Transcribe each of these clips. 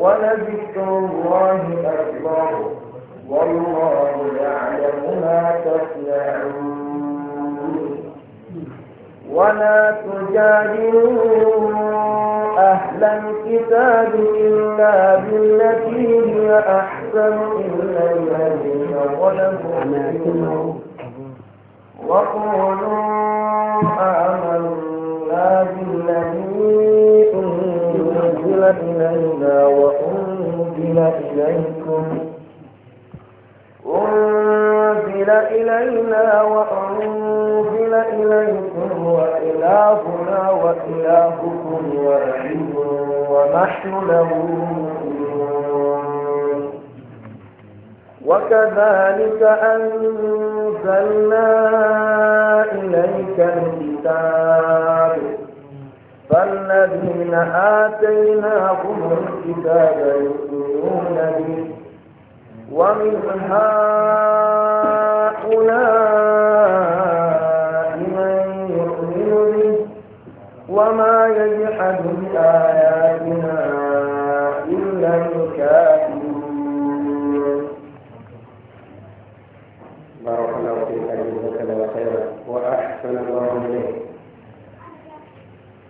ولذكر الله أكبر والله يعلم ما تصنعون ولا تجادلوا أهل الكتاب إلا بالتي هي أحسن إلا الذين ظلموا وقولوا آمنا بالذي أنزل إلينا وأنزل إليكم أنزل إلينا وأنزل إليكم وإلهنا وإلهكم وأحب ونحن له وكذلك أنزلنا إليك الكتاب فالذين آتيناهم الكتاب يؤمنون به ومن هؤلاء من يؤمن به وما يجحد بآياتنا إلا الكافرون بارك الله فيك أيها خيرا وأحسن الله إليك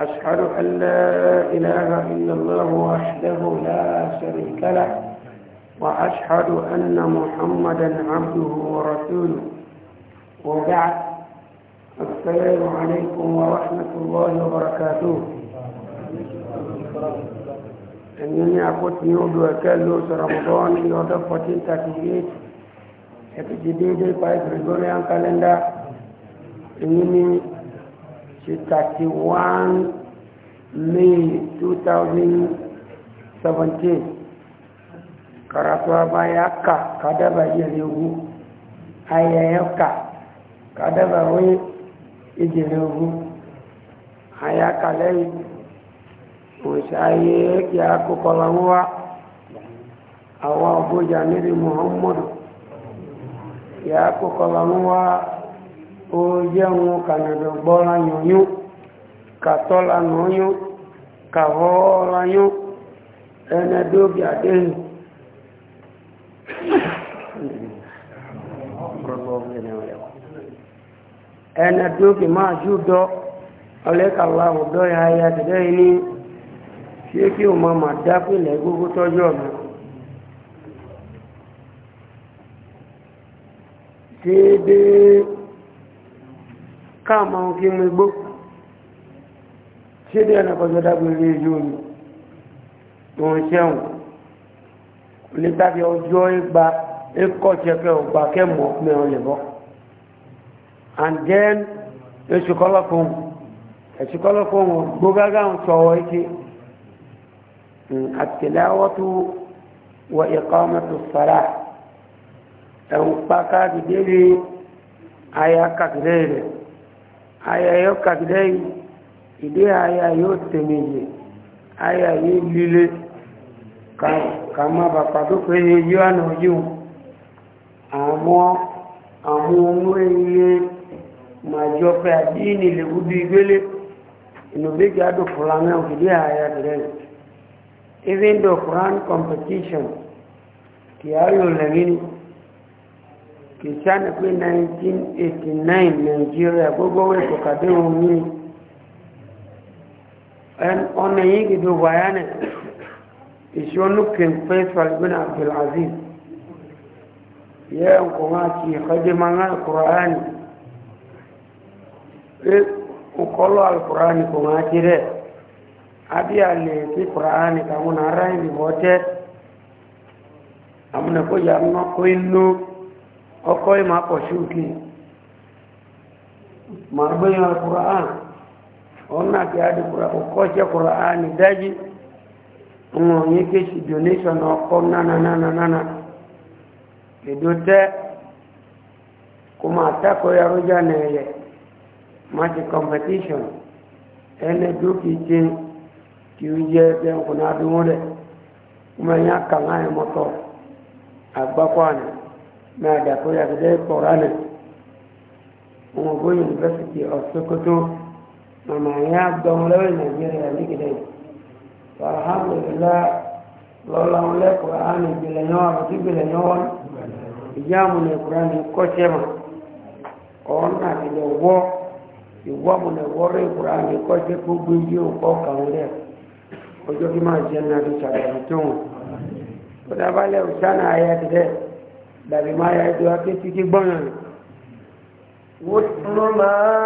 أشهد أن لا إله إلا الله وحده لا شريك له وأشهد أن محمدا عبده ورسوله وبعد السلام عليكم ورحمة الله وبركاته أنني أقول نيود وكالو رمضان يوضع 1438 أتجديد البايس ريغوريان كالندا أنني to 31 May 2017 karatu baya ka kada ba jiregu ayayen ka kada ba wani ijiregu aya kalai musaye ya kukulawa awa abuja niri Muhammad, ya aku kukulawa ó jẹun kànàdọ̀ gbọ́ra yọnyún kàtọ́la nọ́yún kàhọ́ọ́ra yún ẹnẹdógi àdéhùn ẹnẹdógi máa jù dọ́ ọlẹ́kàwà ọ̀dọ́ ya ya tẹ́lẹ̀ ní ṣé kí o máa máa dápìlẹ̀ gbogbo tọ́jú ọ̀nà déédéé káàmà kí mú igbó ṣé díẹ̀ náà kọjọ́ dágbére ìjú omi tó ń ṣẹ́wọ̀n lítàbí ọjọ́ ìgbà ikọ̀ ṣẹ̀kẹ́ ọgbà kẹ́mọ̀ mẹ́rin lè bọ́ and then oṣù kọ́lọ́kùn oṣù kọ́lọ́kùn gbógágá ń sọ̀wọ́ ike àtìláwọ́tú wọ ìkọ́mọ̀tò sàrà ẹ̀hùn pákà dìde rí ayá kàkiri rẹ̀ aya yọ kàkídẹ́ yìí ìdí aya yóò tẹ̀mẹ̀yẹ aya yìí líle ka má bà pàtó pé yíyí wà náà yíò àmọ́ àwọn ohun ilé màjọ pé àdínì lè gúdú ìgbélé ìnùbẹ́jì àdó fúlàmẹ́ òkìdí aya tẹ̀lẹ́ even though Quran competition kìí ayò lẹ́yìn ni kìsàn pé 1989 nàìjíríà gbogbo wẹ̀ kò kàdé omi ọ̀nà yìí gidi wáyá nẹ̀ ìṣọ́nù kìnfẹ́ sọ̀rọ̀gbìn abdulaziz yẹ nkùnrin àti ìkọjẹ́ máa ń alkùránì pé nkọlọ alkùránì kò máa ti rẹ̀ àbí àlè tí kùránì kàwọn ará ìbí bọ́ tẹ́ yà ń nọ́kọ́ inú. ọkọ̀ ìmọ̀ àpọ̀ṣù kí marbeyan al-qur'an ọ̀nà kí a dì kúrò ọkọ̀ ṣe kúrò a ní dájí wọ́n yí kí donation ọkọ̀ nánà nánà nánà ìdó tẹ́ kò ma tako yarujá ní ẹyẹ ma ti competition ẹni dúkì tí kí ó jẹ́ ẹgbẹ́ nkùnà àdúgbò rẹ̀ kúmọ̀ yá kàn án mọ́tọ̀ àgbákọ́ àná ma a yàgídẹ́ kọ̀ránì ọmọ ògbó yunifásitì ọ̀sọ́kótó màmá yẹn àgbọ̀n lọ́wọ́ nàìjíríà nígidẹ́ alhamdulilayi lọ́la wọn lẹ́kọ̀ọ́ àánú ìgbìlẹ̀ yẹn wọn àti ìgbìlẹ̀ yẹn wọn ìyá àmúnẹ̀ kúránì kọ́ṣẹ́ mà ọ̀hún àti ìwọ́ ìwọ́ àmúnẹ̀ wọ́rẹ́ kúránì dàbí máa ya ẹjọ́ aké títí gbọ́nà rẹ̀. wọ́n máa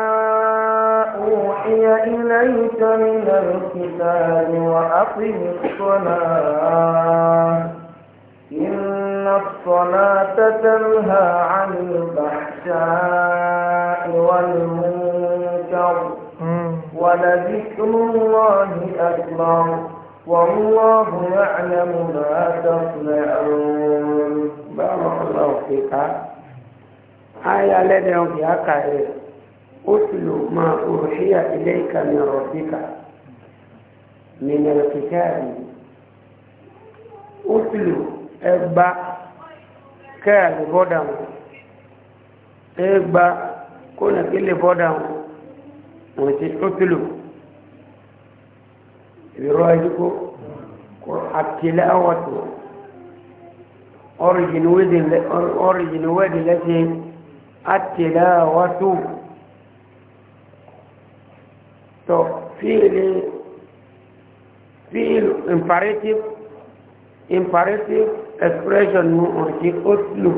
أوحي إليك من الكتاب وأقم الصلاة إن الصلاة تنهى عن الفحشاء والمنكر ولذكر الله أكبر والله يعلم ما تصنعون بارك الله فيك آية لديهم في أكاية أتل ما أوحي إليك من ربك من الكتاب أتل أبا كان بودم أبا كنا كل بودم وأتل يراجعوا التلاوة أوريجن ويد أوريجن ويد التي التلاوة تو فعل فعل imperative imperative expression mu ọ̀rẹ́jì otlu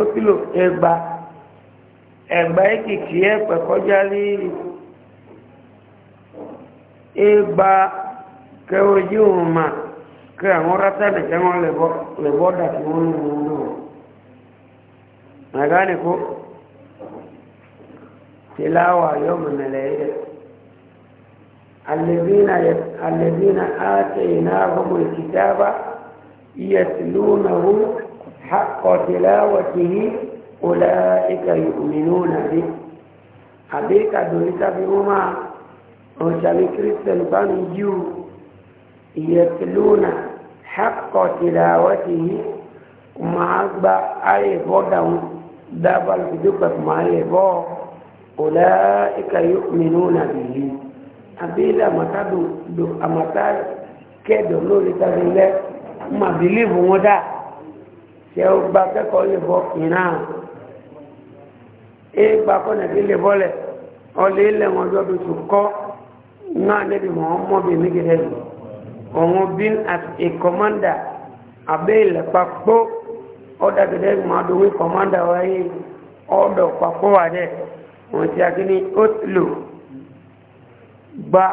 otlu ẹgbà ẹgbà ekìkì ẹ pẹ̀kọ́já ịgba ke oji ma ke anwụrata na ke nwa lebo dati nwụrụ na gani ko tilawa yau mele الذين الذين آتيناهم الكتاب يتلونه حق تلاوته أولئك يؤمنون به أبيك دولك بهما ọ̀sàmì kírísítẹ̀n bá ń yíò ìyẹ̀tìlúnà hákọ̀tìlà àwọ́tì yìí máa gba àyẹ̀bọ́ dáhùn dábàá lùdókè máa yẹ̀bọ́ ọ̀là ìka yóò mìíràn nàbì yìí àbílẹ̀ àmàtà kẹ́dọ̀ lórí tàbí lẹ́ mà bìlíìfù wọn dà ṣe ó gba akẹ́kọ̀ọ́ lè bọ́ ìran é gbà kọ́nà bí lè bọ́lẹ̀ ọ̀lẹ́ ilẹ̀ wọn náà níbi mọ̀ọ́mọ́ bíi mí kìí ẹ̀rù ọ̀hún bí as a commander abẹ́ ilẹ̀ papọ̀ ọ̀dà kìí ẹ̀rù máa dùn wí commander wáyé ọ̀dọ̀ papọ̀ wà dẹ̀ wọ́n ti akíní otlo gba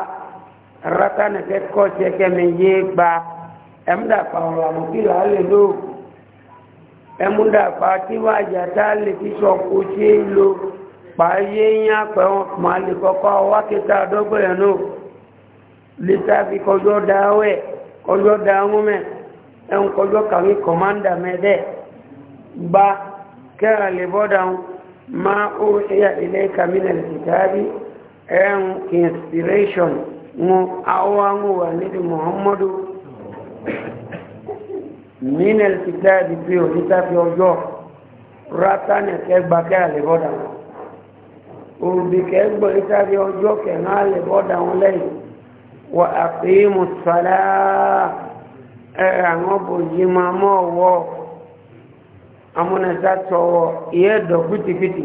rata nìkẹ́ kọ́ọ̀tì ẹ̀kẹ́mi yé gba ẹ̀mdà pàwọ̀lọ̀ àmọ́kìlọ̀ á lè lò ẹ̀mdà pàtí wájà tá a lè fi sọ kó ṣe lò paye nya pe mali koko wa kita dogo yanu litafi kojo dawe kojo damu me en kojo kami komanda me de ba kera le bodan ma uhiya ilayka min alkitabi en inspiration mu awangu wa nabi muhammadu min alkitabi bi litafi ojo rata ne ke ba kera le bodan òbí kẹgbọ́ ìtàrí ọjọ́ kẹ̀rán alẹ̀ bọ́dà wọn lẹ́yìn wà àpéyìmù sàlá ẹ̀rẹ̀ àwọn bòjì máa mọ́ ọwọ́ amúnẹ̀ta tọwọ́ ìyẹ́dọ̀ pìtìpìtì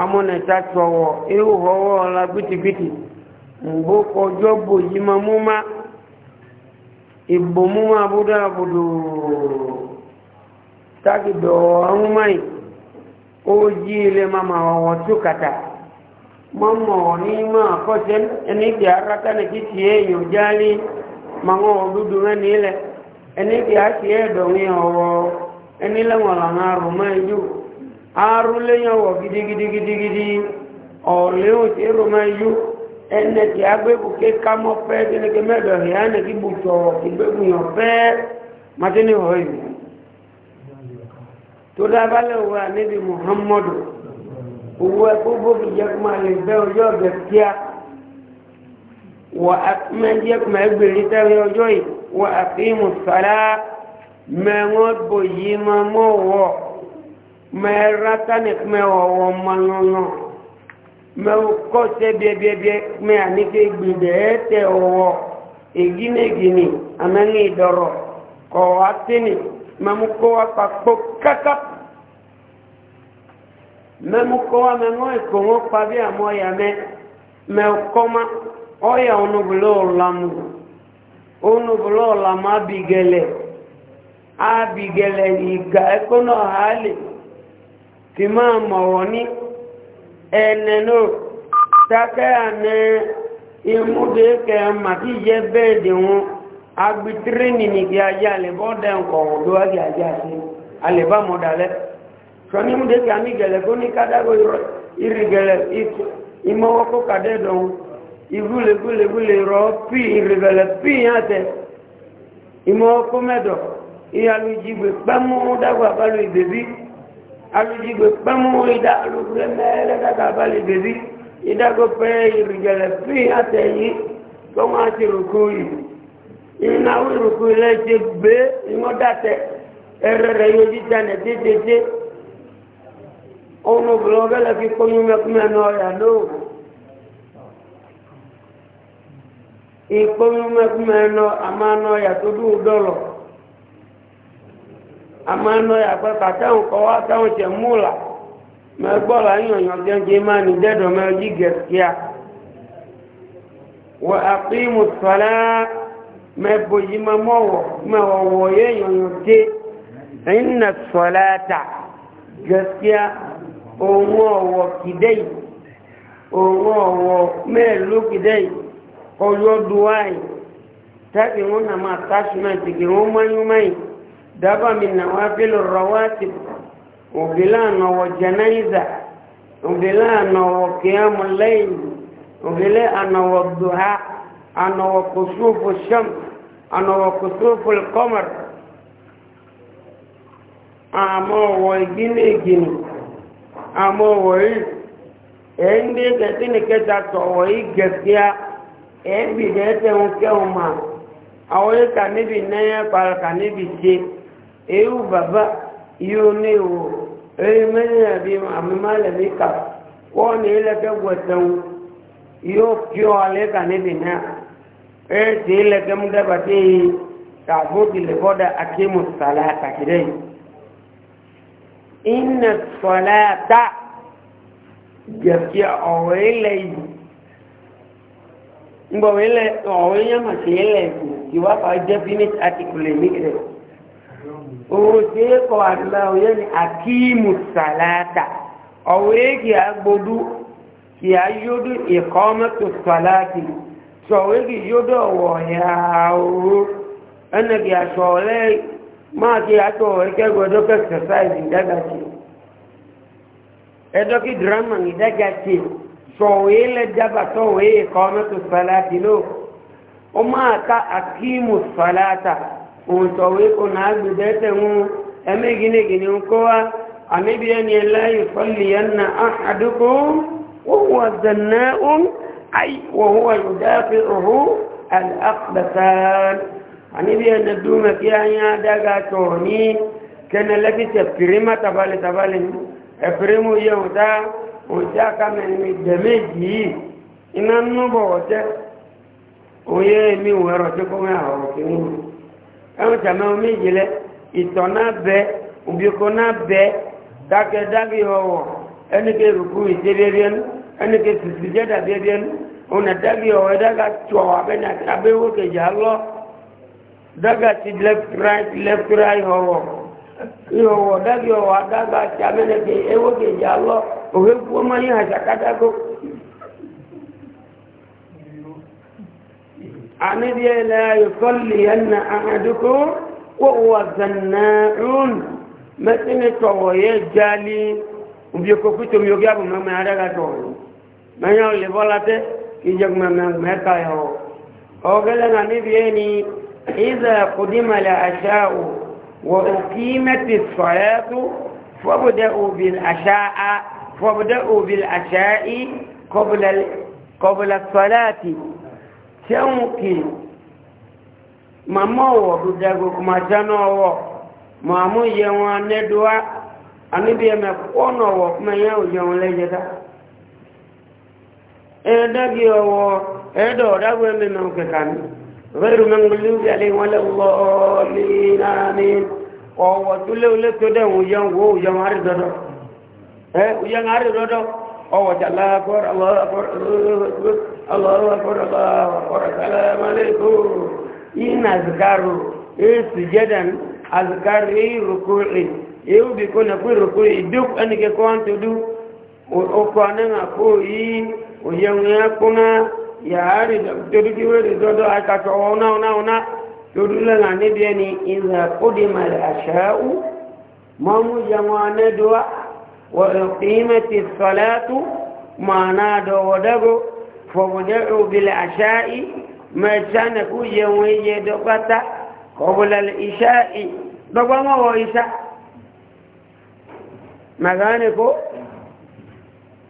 amúnẹ̀ta tọwọ́ ìhòhọ́wọ́ ọ̀la pìtìpìtì mbókọ̀ ọjọ́ bòjì máa mú má ìbòmú máa búdá àbùdó tágìdọ̀ ọ̀hún máyì ó yí ilé máa máa tó kàtà. mamoni ma kosen eni diara kana kitie yujali mango dudu ngani ile eni kia kie dongi owo eni la ngola ngaru maju aru le nyowo gidi gidi gidi gidi o le o ti ru maju ene ti agbe bu ke kamo pe de ne keme do ya ne ki bu to ki be mu yo pe ma ti ni hoyi to da ba le wa ni bi muhammadu owó ẹkọ bóbi jẹ kó máa lè bẹ ọjọ ọbẹ kíá wà á mẹjẹ kó máa gbèrè sẹrí ọjọ yìí wà á fi mùsàlá mẹwọn bò yìí máa mọ wọ mẹra tani mẹwọ wọ mọnyọnyọ mẹwọ kọsẹ mẹ́mú kọ́ wa mẹ́mú ẹ̀kọ́ wọn pa bí àmọ́ ọ̀yà ma ọ̀yà onubulọ̀ ọ̀làmù onubulọ̀ ọ̀làmù abigẹlẹ̀ abigẹlẹ̀ ìgà ẹ̀kọ́ náà hàálì tì máa mọ̀wọ́ ní ẹ̀nẹ̀ náà sákẹ́ àná ìmúdé kẹ́ màtí mati ŋu ni lɛ. sɔni mu de kami gɛlɛ ko ni kadago yɔrɔ iri gɛlɛ imɔwɔ ko kadɛ dɔn igule gule gule yɔrɔ pi iri gɛlɛ pi ya tɛ imɔwɔ ko mɛ dɔ iyalu jigbe kpamu dagba balu ibebi alu jigbe kpamu ida alu gule mɛlɛ dagba balu ibebi idago pɛ iri gɛlɛ pi ya tɛ yi kɔmu ati ruku yi inawu òun obìnrin ọgẹ́lẹ̀ fi kóyún mẹ́kúnmẹ́nu ọ̀yà lóò ìkóyún mẹ́kúnmẹ́nu àmánà ọ̀yà tó dùn dọ̀lọ̀ àmánà ọ̀yà pé kàtàwọn kọ́ wá táwọn tẹ̀ múlà mẹ́gbọ́lá yíyàn jẹ́jẹ́ máa ní dẹ́dọ̀ mẹ́rin gẹ̀ẹ́sìá wọ́n àpímù sọ́lá mẹ́bò yìí máa mọ́wọ̀ mẹ́wọ̀wọ̀ yíyàn ta owó ọ̀wọ̀ kìdẹ́ owó ọ̀wọ̀ mẹ́rẹ̀lú kìdẹ́ ọlọ́dúnwáì tàbí wọn nà máa tásùmẹ̀tì kí wọ́n mọ́yúnmọ́yìn dábàá mi nà wá fi lọ rọwá ti òbílànà ọ̀wọ̀ jẹnẹ́ìzà òbílànà ọ̀wọ̀ kìámù lẹ́yìn òbílànà ọ̀wọ̀ dùhà ànàwọ̀ kòsófò sẹ́m ànàwọ̀ kòsófò kọ́mọ̀rì àmọ́ ọ̀wọ̀ ìgbínú ìgbínú àmọ́ wọ̀nyí ẹ̀ ń dé kẹtí ni kẹta tọ̀ wọ̀nyí gẹ̀gẹ́á ẹ̀ ń bì dẹ́ tẹ̀hún kẹ́hún mà àwọn yìí kà níbi náírà para kà níbi ṣe ewu bàbá yóò ní ìwò èyí mẹ́rin àbí àmì málẹ̀mí kà wọ́n ní ilẹ̀kẹ́ gbọ̀tẹ̀hún yóò kí ọ alẹ́ kà níbi náírà ẹ̀ sì ilẹ̀kẹ́ mú dábàá sí i tààbó tìlẹ̀bọ́dà akéemù sàlẹ̀ àtàkìrẹ́yìn inna sọ̀láta jẹ̀kí ọ̀rọ̀ ilẹ̀ yìí ngbọ̀wọ̀ ilẹ̀ ọ̀rọ̀ yẹn mà sí ilẹ̀ ìkù ìwà fà jẹ́ finite article ní rẹ̀ òwò tí é kọ àdúrà òye ni akíìmù sọ̀láta ọ̀rọ̀ èkì agbodú kì á yódú ìkọ́ mẹ́tò sọ̀láti sọ̀rọ̀ èkì yódú ọ̀wọ̀ yàrá òru ẹnìkì àṣọ ọ̀rẹ́ máa ti àtọ̀ ẹ̀kẹ́gbọ́ ẹ̀dọ́kẹ́ exercise ìdájáde ẹ̀dọ́kì drama ìdájáde sọ̀wé lẹ́jábà sọ̀wé ìkọ́mẹ́tò sàláàtì ló ó máa ká akíìmù sàláàtà òun sọ̀wé kò náà gbèdẹ́tẹ̀ ń ẹ̀mẹ́gínégíní ń kó wa àmẹ́bí ẹni ẹláyè fọ́lìyàn àdúgbò wọ́n wọ́n zẹ̀nà ó wọ́n wọ́n yóò dáfẹ́ òhun àlàkùbẹ̀sán anibi ene dume kia nya daga toni kene leki se pirima tabale tabale e pirimu ye uta uta kame mi demeji ina nubo ote oye mi wero te kome aho kini emu tame omi jile itona be ubiokona be dake dagi howo enike ruku ite bebien enike sisijeda bebien ona dagi howo daga chowa abe na abe wokeja lo daga ti left right left right ọwọ ìhọwọ dábì ọwọ adágbà ti abẹnẹgẹ ewé kejì alọ òwe kú ọmọ ní àṣàkádágó. àníbi ẹlẹ ayọkọlì ẹnà àdúgbò kó wà zannaun mẹsìnì tọwọ yẹ jáde òbí kò kú tómi ogé àbùmọ mẹ adága tọwọ mẹyàn lè bọlá tẹ kí jẹ mẹmẹ mẹka ẹ ọ ọgẹlẹ إذا قدم العشاء وأقيمت الصلاة فابدأوا بالعشاء فابدأوا بالعشاء قبل قبل الصلاة تنكي mama wɔ dodago kumakyɛ no ɔwɔ maamu yɛ wɔn anɛdoa ane kuma yɛ oyɛ wɔn lɛ yɛda ɛdagi ɔwɔ غير مغلوب عليهم ولا الضالين آمين ọwọ́ tó léwọlé tó dẹ̀wọ̀n yẹn wo yẹn àrí dọ́dọ́ ẹ́ yẹn àrí dọ́dọ́ ọwọ́ tí aláàkọ́rọ̀ aláàkọ́rọ̀ aláàkọ́rọ̀ aláàmàlẹ́kọ́ yín azikaru èyí sùjẹ́dàn azikaru èyí rukuri èyí bí kò nàkú rukuri ìdúk ẹnikẹ́ kọ́ ń tó ọkọ̀ anáhà kó yí òyẹ̀wọ̀n yẹn kó náà yàárì torídí wèrè dọ́dọ́ àkàtọ̀ ọ̀nà ọ̀nà ọ̀nà lórílẹ̀nà níbi ẹni ìhà kódé màlẹ̀ àṣàáwù mọ́mú jẹun anẹ́dọ́wà wọ̀lọ̀pìmẹ̀tì sọ̀lẹ́tù mọ̀nà dọ̀wọ̀dẹ́gò fọ̀mùdẹ́ òbílẹ̀ àṣàáì mẹ́tánẹ̀kú jẹun iye dọ́pátá kọ̀bùlẹ̀lẹ̀ ìṣàáì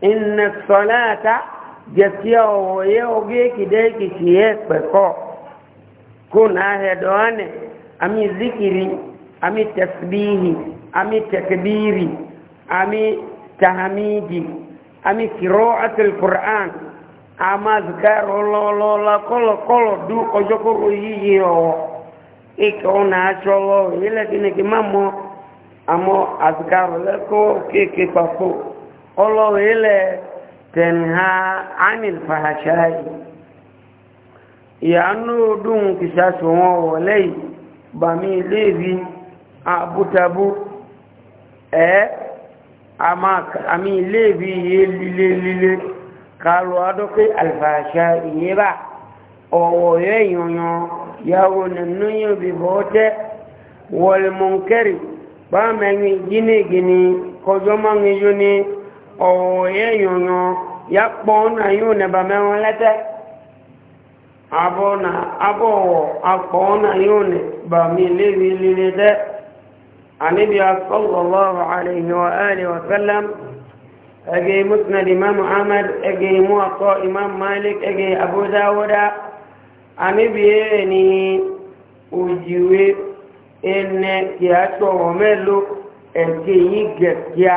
inna salata gaskiya waye oge ki dai ki ciye kpeko kuna hedone ami zikiri ami tasbihi ami takbiri ami tahmidi ami qira'atul qur'an ama zikaro lolola kolo kolo du ojokoro yiyi o ikona cholo ile kini kimamo amo azkar leko keke papo ọlọ́wọ́ ilẹ̀ tẹ̀nha anil fahashai ìyànú dùn kìsà sọ̀wọ́n wọ̀lẹ́ yìí bàmí léèrí àbútabú ẹ́ àmì léèrí yé lílé lílé kààrù adọ́pẹ́ alfahashai ìyẹ́bà ọ̀wọ̀ yẹ́ ìyọ̀nyàn yàwó nínú yóò bí bọ́ tẹ́ wọlé mọ̀nkẹ́rì ọ̀wọ̀nyẹ́ yọ̀nyọ̀ ya kpọ́ na yóò nẹ̀bà mẹ́wọ́n lẹ́tẹ́ abọ́ na abọ́wọ̀ akpọ́ na yóò nẹ̀bà mi lébi líle dẹ́ anibi asọ́lọ́lọ́rọ̀ àlèyàn ẹ̀rẹ̀ wàsálàm ẹgẹ́ musnad imam ahmed ẹgẹ́ imú akọ́ imam malik ẹgẹ́ abúdáwọ́dá anibi ẹ̀rẹ̀ ni ẹ̀kẹ́ yìí gẹ̀kíá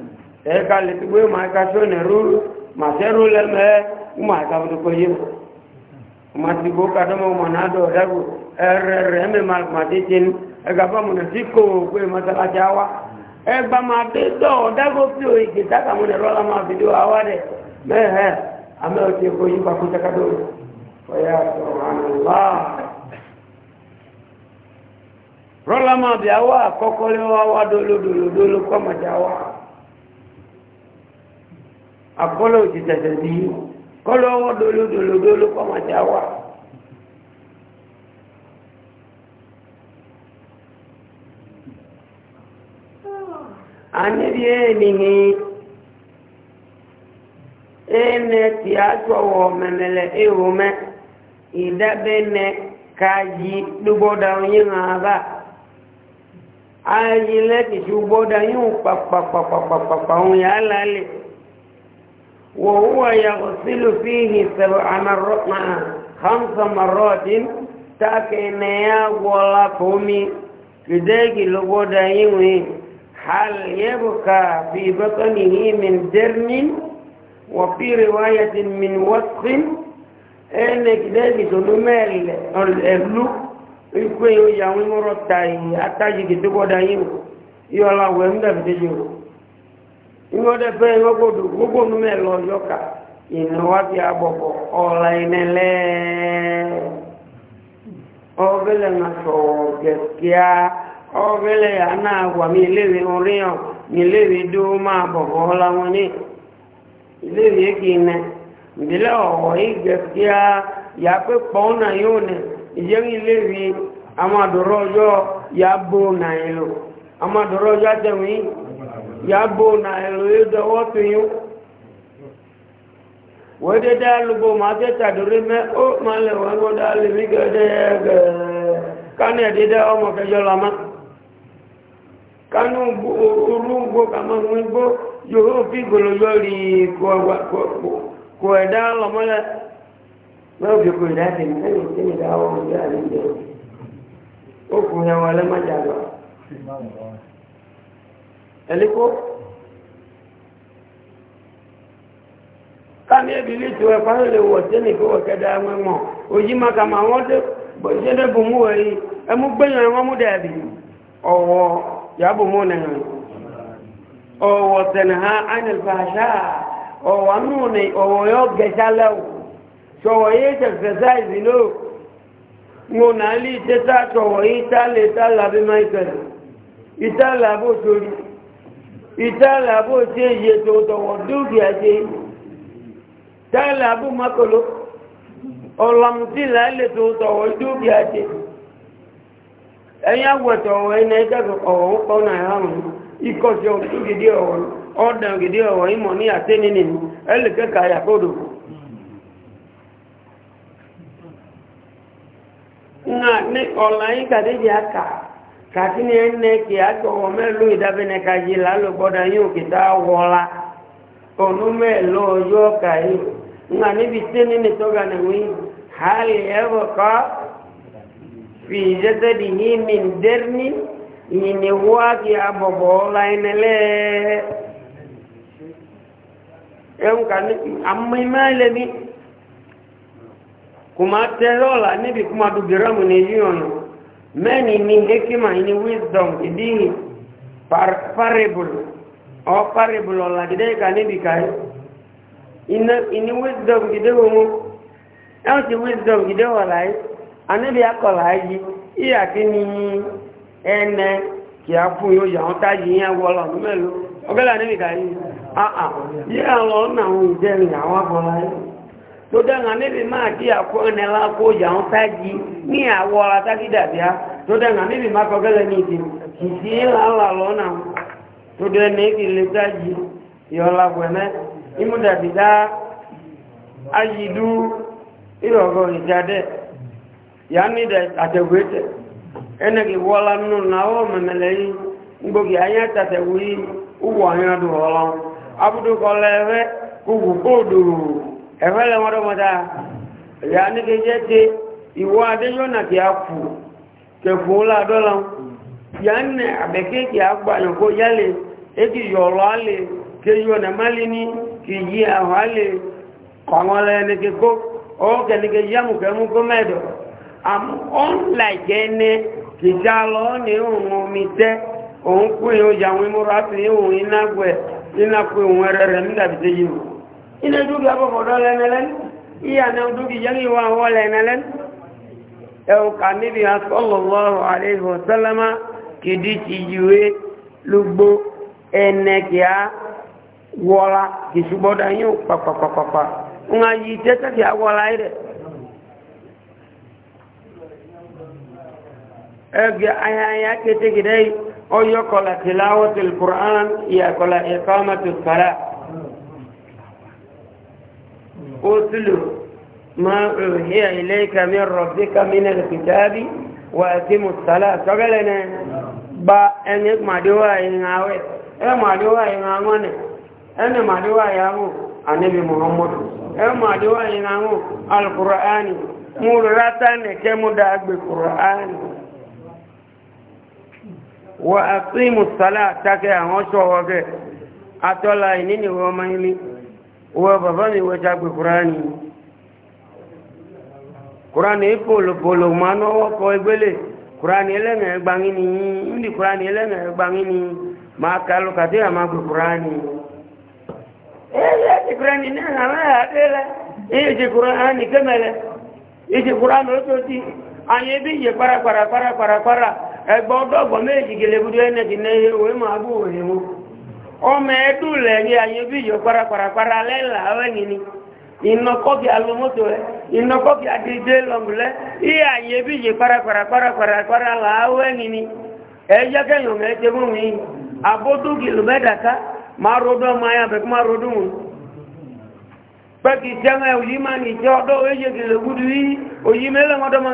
ka le ti we ma ka so ne ru ma se ru le me u ma ka du ko yim ma ti go ka do mo ma na do da gu er re me ma ma ti tin e ga ba mo ne ti ko we ma ta la ja wa e ba ma te do da go ti o ki ta ka mo ne ro la ma bi do a wa de me he a me o ti ko yim ba ku ta ka do fa ya subhanallah rọlámọ bí a wá àkọkọ lé wa wá dolódolódoló kọmọdé a wá. akọ́lọ̀ ti tẹ̀tẹ̀ sí kọ́lọ̀ ọwọ́ dolódolódó kọ́mọ̀ tí a wà anẹ́bí ẹ̀nìyàn ẹ̀nẹ́ tí a tọ́wọ́ mẹ́mẹ́lẹ̀ ihò mẹ́ ìdábẹ́nẹ́ káàyí lúgbọ́dá oyin àbá ayé lẹ́kìtì gbọ́dá yíò pàpàpàpàpàpà òun yà á lálẹ́ وهو يغسل فيه سبع مرات خمس مرات تكنيا ولا قومي كذلك لبودا يوي هل يبقى في بطنه من جرم وفي رواية من وسخ أن كذلك تنمال الأبلو يكون يوم مرتاي أتاجي كتبودا يوي يولا ويمدا بتجيوه ingode pe ngogodu gogo lọ lo yoka inwati aboko ola inele ogele na so geskia ogele ana wa mi lewe oriyo mi lewe do ma boko ola woni lewe kine ya pe pona ama ya ama Ya bụ na eloye dɔwɔ tun da ma te ta duri mɛ o ma le wo ŋgo da ga gɛdɛ gɛɛ kanu ɛdi dɛ ɔmɔ la ma kanu uru kama fi ko wa ko ko e o fi ko e da ya o ya wa ma ẹ̀lẹ́kọ́ káàmì ẹ̀bìlì tó ẹ̀fà wọ̀ tí nìkú ọ̀kẹ́dà ẹ̀mọ́ òyí máa kà máa wọ́n tẹ́ bùmú ẹ̀yí ẹmú gbẹ̀yàn ẹ̀wọ́n mú dẹ̀ẹ̀bì ọ̀wọ̀ yàbùmú nìyàn ọ̀wọ̀ tẹ̀nà ánìfàṣà ọ̀wọ̀ nù ní ọ̀wọ̀ ìtàlà bó ṣe yẹ tòótọ́wọ́ dúkìá ṣe tàlà bó makolo ọ̀làmùtìlá lè tòótọ́wọ́ dúkìá ṣe ẹ̀yìn àwọ̀tọ̀wọ́ ẹ̀nà ìtàkùn ọ̀wọ́ pọ́nà ìhàmù ikọ̀ṣọ́ dúkìdí ọ̀wọ́ ọ̀dàn gidi ọ̀wọ́ ìmọ̀ ní àtẹ́nìní ẹlẹ́kẹ́kà yàkódò ní ọ̀làyìn kàdéjì àkàá kakini ene ke agbɔwɔ mɛlo idabene kadzi la alo gbɔda yi o kita wɔ la ɔnu mɛlo yɔ ka yi ŋa níbi tẹni ni tɔga ni wi hali ɛwɔ kɔ fi zɛsɛ di yi mi dɛrini yini wa ki abɔbɔ la yi ni lɛ ɛnu kani ame ma lɛ bi kuma tɛ yɔ la níbi kuma du giramu ni yi yɔ no. many ni hekima ni wisdom idi par parable o oh, parable la gide ka ni bikai in in wisdom gide wo out the wisdom gide wo lai anabi akola yi iya kini ene ki afu yo ya on taji yan wo lo melo ogela ni bikai ah ah ye lo na un je ni tó dáná níbi máa dí àkó ya lákó ìyà ń tájí ní àwọ ara tájí dàbíá tó dáná níbi máa kọgẹ́lẹ̀ ní ìdí kì sí lọ́nà tó dẹ́ ní ìlé tájí ìyọ́lá pẹ̀mẹ́ ìmúdàbí dá ayídú ìrọ̀gọ̀ ìjádẹ́ ìyá ní àtẹ̀wétẹ̀ ẹnẹ kì wọ́lá nù mẹ́mẹ́lẹ́ yìí gbogbo yìí ẹ̀fẹ́ lẹ́wọ́n rọ́mọdá ìyá ya jẹ́ ti ìwọ́ adéyọ́nà kì á kù kẹfù ńlá dọ́lọ́ yà ń nẹ ke kì na gbàyàn kó yálè ékì yọ̀ọ̀lọ́ alè kéyọ nà má lé ní kì yí àwọn alè kọ̀ọ̀mọ́ lẹ́ni kíkó ọ̀ọ́kẹ́ ní mi ina dugi abo bodo lenelen iya na dugi yangi wa ho lenelen eu kanibi sallallahu alaihi wasallama kiditi juwe lugbo enekia wola kisuboda yu papa papa papa nga yiteta ki awola ire ege aya ya kete gidai oyo kola tilawatul qur'an ya kola iqamatus salat أتل ما أوحي إليك من ربك من الكتاب وأتم الصلاة فقالنا با أنك مدوى إنعاوي أنا مدوى إنعاوي ما مدوى إنعاوي النبي محمد ما أنا مدوى إنعاوي القرآن مراتان كمدى بالقرآن وأقيموا الصلاة تكي أهوش وغير أتولى إنني ومهلي wọ bàbá mi wọ́n jágbe kúránì kúránì pòlòpòlò máa náwó kọ egbélé kúránì ẹlẹ́ngẹ̀ ẹgbàmí ni ndí kúránì ẹlẹ́ngẹ̀ ẹgbàmí ni máa ka lókàtí yà máa gbé kúránì ẹ̀yẹ́ ti kúránì náà nàmá yà dé lẹ ẹ̀yẹ́ ti kúránì kẹ́mẹ́lẹ́ ẹ̀yẹ́ ti kúránì ó tó ti àyè bí yẹ kparakparakparakparakpara ọmọ ẹdù lẹ́yìn ayébí yọ parapara lẹ́la ọ̀ẹ́ni ni iná kọ́bí alómọ́tò rẹ̀ iná kọ́bí adédé lọ́mù rẹ̀ iye ayébí yẹ parapara là ọ̀ẹ́ni ni ẹ̀yẹ́ kẹ́yìn ọmọ ẹ̀jẹ̀ mú mi abódú kìlómẹ́tà ká máa rodó ọmọ ayé abẹ́kú máa rodó wọn. pẹ́kì jẹ́mọ̀ ẹ̀ òyìnbó ni jẹ́ ọdọ́ òye kìlógúdú yìí òyìnbó ẹlẹ́wọ̀n ọdọ́ mọ́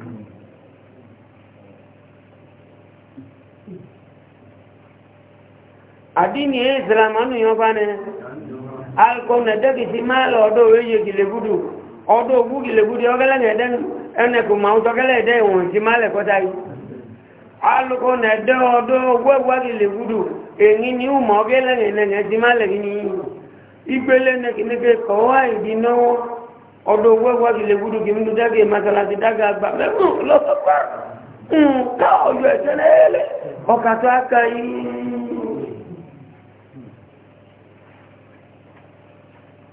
àdínì ìsìlámánù yọ bá ní alkọ́nà dẹ́kìtì máa lọ ọdọ́ oríyẹ gìlẹ̀gúdù ọdọ́ ogún gìlẹ̀gúdù ọgẹ́lẹ́gẹ̀ẹ́dẹ́ ẹnẹkù máa ń tọ́gẹ́lẹ́dẹ́ ìwọ̀n tí máa lẹ̀kọ́ta yìí alkọ́nà dẹ́ ọdọ́ ogún ẹgbẹ́ gìlẹ̀gúdù èyí ni ó mọ̀ ọgẹ́lẹ́gẹ̀ẹ́dẹ́ tí ni àgbà ọjọ́ yìí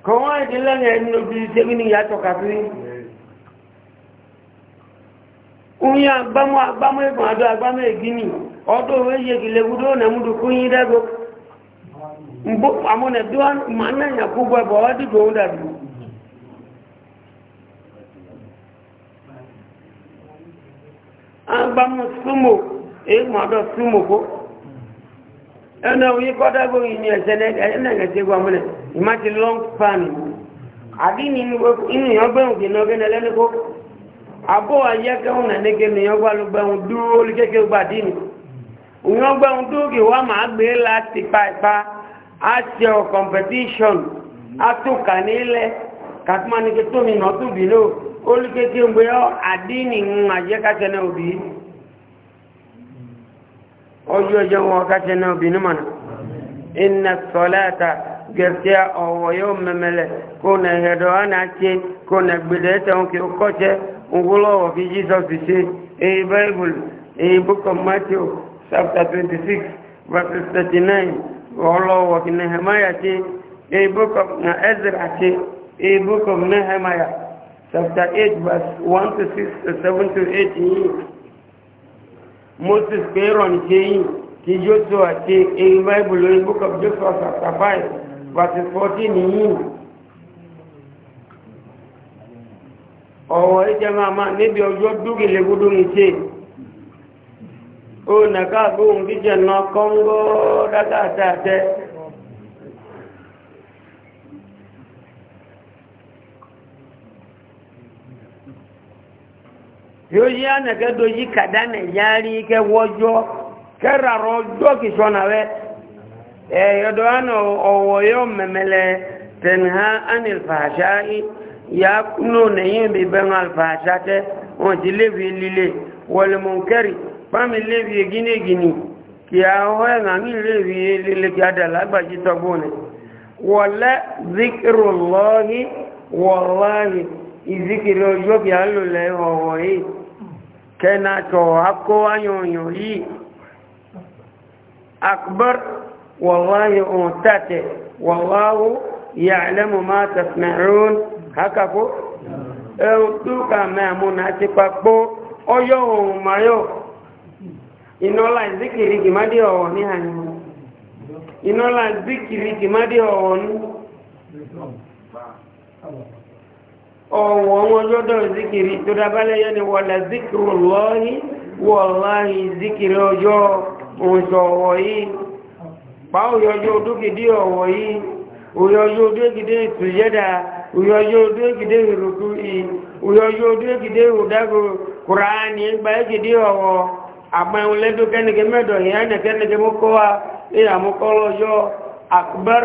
kọ́wọ́n ìdílẹ́yìn ẹni lójú iṣẹ́ bí ní ìyàtọ̀ kàfí oyin o agbámọ́ ẹgbọ̀n àdó agbámọ́ ìgíní ọdọ́ owó yegi lewúdó nẹ̀múdù kú yí dẹ́gbọ́ mbó àmọ́nà bí wọ́n máa ẹnà òye kọ́dágbó yìí ni ẹ̀sẹ̀ ẹ̀nàgẹ̀sẹ̀ gba mọ́lẹ̀ ìmá ti long pan àbí nínú ìyàn gbẹ̀hùn náà gẹ́nà lẹ́nìkó àbó ayẹ́kẹ́hùn nàdẹ́kẹ́ nìyàn gbà ló gbẹ̀hùn kékeré dínì dúró kì wá máa gbé láti competition nílẹ̀ náà kékeré gbé ọ́ àdínì ń ojú ọjọ́ wọn káṣẹ náà bínú mọ̀nà iná sọ́láta gẹ̀ẹ́sẹ́ ọ̀wọ̀ yóò mẹ́mẹ́lẹ̀ kó na ẹ̀dọ̀ ánà ṣe kó na gbèdẹ̀ tẹ̀wọ̀n kí ó kọ́ṣẹ́ ngúlọ́wọ̀ kí jesus ṣe èyí bible èyí book of matthew chapter twenty six verse thirty nine ọlọ́wọ̀ kí nehemiah ṣe èyí book of na ezra ṣe èyí book of chapter eight verse one to six to seven to moses kẹrọ̀n jẹ́yìn ti joshua ṣe èyí bible lórí book of joshua chapter five verse fourteen yìí ọ̀wọ́ ẹ̀jẹ̀ màmá níbi ọjọ́ dúkìlẹ̀ gbódò ní ṣe ó nàka gbóhùn kíjẹ̀ náà kọ́ńgọ́ dáadáa tẹ́ yóò yí ànàkẹ́dọ̀ yí kàdánà yáárí kẹ́ wọ́jọ́ kẹ́ràrọ̀ ọjọ́ kìsọ́nà rẹ̀ ẹ̀yọ̀dọ̀ ànà ọ̀wọ̀ yóò mẹ̀mẹ̀lẹ̀ tẹ̀nà ánìlfàṣá yà nù nìyí bí bẹ́ẹ̀ alfàṣá tẹ́ wọ́n ti lébi líle wọlẹ̀mọ̀kẹ́rì fámi lébi gínígíní kì á họ́ ẹ̀nà mí lébi líle kì á dà lágbàjí tọ́gbọ́n ni wọlé zikirù lọ́hí wọ́láhì ìzikirì ọjọ́ kì á lò lẹ́yìn ọ̀wọ̀ yìí kena to hako ayonyo yi akbar wallahi utate wallahu ya'lamu ma tasma'un haka ko e tuka maamuna ti papo oyo ohun mayo inola zikiri kimadi owo ni ọ̀wọ̀ wọn lọ́dọ̀ zikiri tó dábálẹ̀ yẹ́ ni wọ́n lè zikiru lọ́yí wọ́láyí zikiri ọjọ́ òṣọ̀ ọ̀wọ̀ yìí pa òyọjọ́ odókìdí ọ̀wọ̀ yìí òyọjọ́ odókìdí ìtùyẹ́dà òyọjọ́ odókìdí ìrùkú yìí òyọjọ́ odókìdí ìrùdágò kùránì gbáyẹ́kìdí ọ̀wọ̀ àgbẹ̀wọ̀lẹ́dọ́ kẹ́nìkẹ́ mẹ́dọ̀ ìyá nẹ̀kẹ́nìkẹ́ mọ́kọ́wà ìyàmọ́kọ́ lọ́jọ́ àkùbẹ́r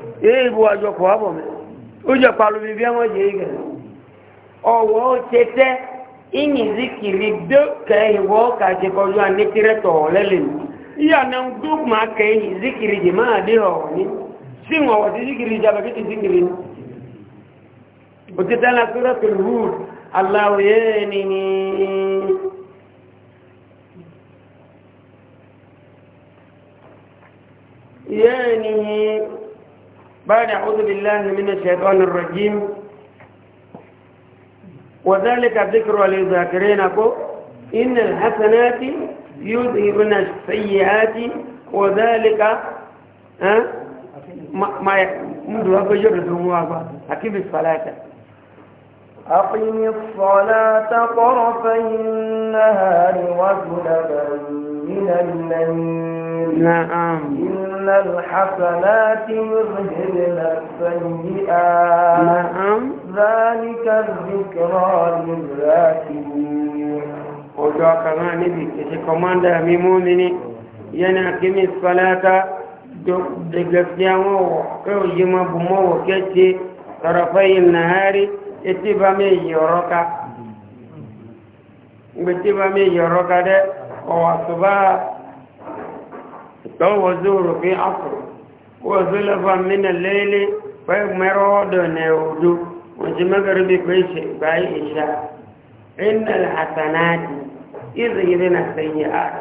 yìí bu àjọpọ̀ àbọ̀ mi ó jẹ́ palumi bí wọ́n yẹ igẹ̀ ọ̀wọ́ tẹ́tẹ́ ìyìn zikiri dé kẹ́yìn wọ́ kàjẹ́ kọjú anétírẹ́tọ̀ lẹ́lẹ̀ mi ìyànà dúkùmá kẹ́yìn zikiri jì máa dé ọ̀wọ́ ní sí ọ̀wọ́ ti zikiri jàbá kí ti zikiri ní òtítẹ́ la sọ́rọ̀ tó lù aláwòye nìní yẹ́ nìyí بعد أعوذ بالله من الشيطان الرجيم وذلك ذكر للذاكرينكم إن الحسنات يذهبن السيئات وذلك ها ما منذ أفجر الزموابة أكيد الصلاة أقم الصلاة طرفي النهار وزلبا من الليل نعم إن الحسنات يذهبن السيئات نعم ذلك الذكرى للذاكرين وجوا كما نبي كشي كوماندا ميموني yana kimi salata da gaskiya mawa kai yi mabu mawa kece tarafayin nahari ita ba mai yoroka ba mai yoroka dai وعصبها وزور في عصر وظلفا من الليل فمرود نعود وانت مغرب بيش باي إشاء إن الحسنات يذهبن السيئات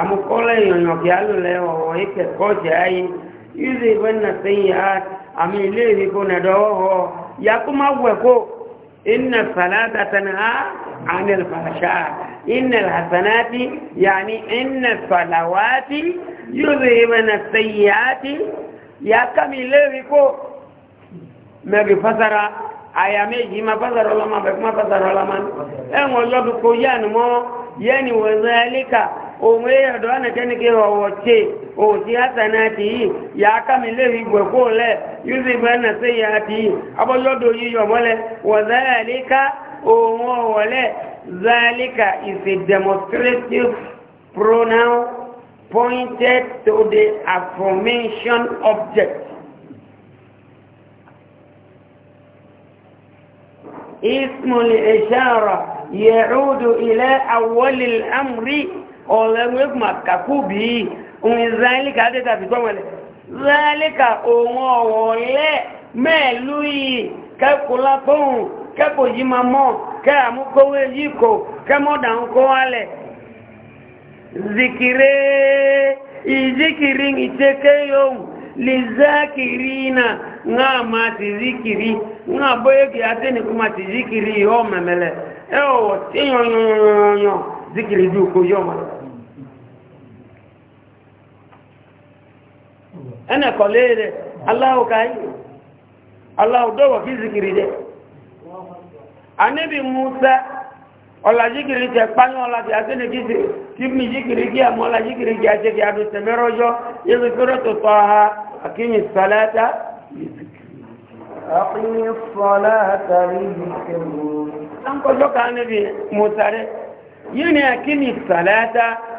أما قول ينوك يالو له وهيك كوش أي يذهبن السيئات أمي ليه يكون دوه يكما وكو إن الصلاة تنهى عن الفحشاء إن الحسنات يعني إن الصلوات يذهبن السيئات يا كم ليكو ما بفسر aya méjì ma fásàrọ̀ ọlọ́mà bẹ̀kú ma fásàrọ̀ ọlọ́mà ẹ̀wọ̀n lọ́dún kò yá ni mọ́ yẹ́ ni wọ̀n zẹ́ líkà òun èèyàn dọ́ ẹnìkẹ́nìkẹ́ ọ̀wọ̀ tse òtí àtàná ti yìí yà á kàmì léwu ìgbẹ́ kó lẹ̀ yusuf bẹ́ẹ̀nà sí yà á ti yìí abọ́jọ́dọ̀ yìí yọ̀ mọ́lẹ̀ wọ̀zẹ́ẹ̀líkà òun ọ̀wọ̀lẹ̀ zẹ́ẹ̀líkà is a demonstrative pronoun pointed to the affirmation object. اسم الإشارة يعود إلى أول الأمر ọ̀lẹ́wé màkàkù bí ohun ìzáìlìkà dẹ́ta fi gbọ́n wẹ̀lẹ̀ záìlìkà ohun ọ̀wọ̀ lẹ́ mẹ́ẹ̀lú yìí ma mọ́ kẹ́ àmúkówé yìí kò kẹ́mọ́dà ń kó wálẹ̀ zikire ìzikiri ìtẹ́kẹ́ lè zákiri ma ti zikiri ŋa boye ti zikiri yɔ mɛmɛ zikiri ẹnẹ kọ̀lé rẹ̀ aláwọ̀ káyí aláwọ̀ kí zikiri dẹ̀ anábì musa ọ̀là zikiri tẹ̀ kpanyọ̀ ọ̀là tí kí mi zikiri kí àmọ́ ọ̀là zikiri kí a kí a dùn tẹ̀mẹ́rọ́jọ́ yẹ́sẹ̀ fẹ́rẹ́ tó ha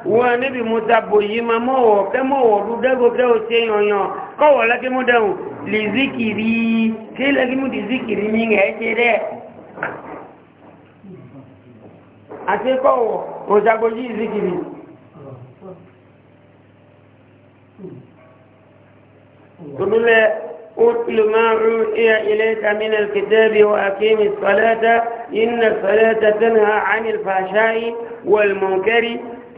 wọn níbi mo ta bò ma mọ́wọ̀ kẹ́ mọ́wọ̀ ọdún dẹ́gbò kẹ́ o ṣe yànyàn kọ́wọ̀ lẹ́kí mú dẹ̀hùn lè zíkìrí kí lẹ́kí mú di zíkìrí ní ẹ̀ẹ́ṣẹ́ rẹ̀ àti kọ́wọ̀ òṣàgbójí zíkìrí tòdúlẹ̀ أتل ما أوحي إليك من الكتاب وأقيم الصلاة إن الصلاة تنهى عن الفحشاء والمنكر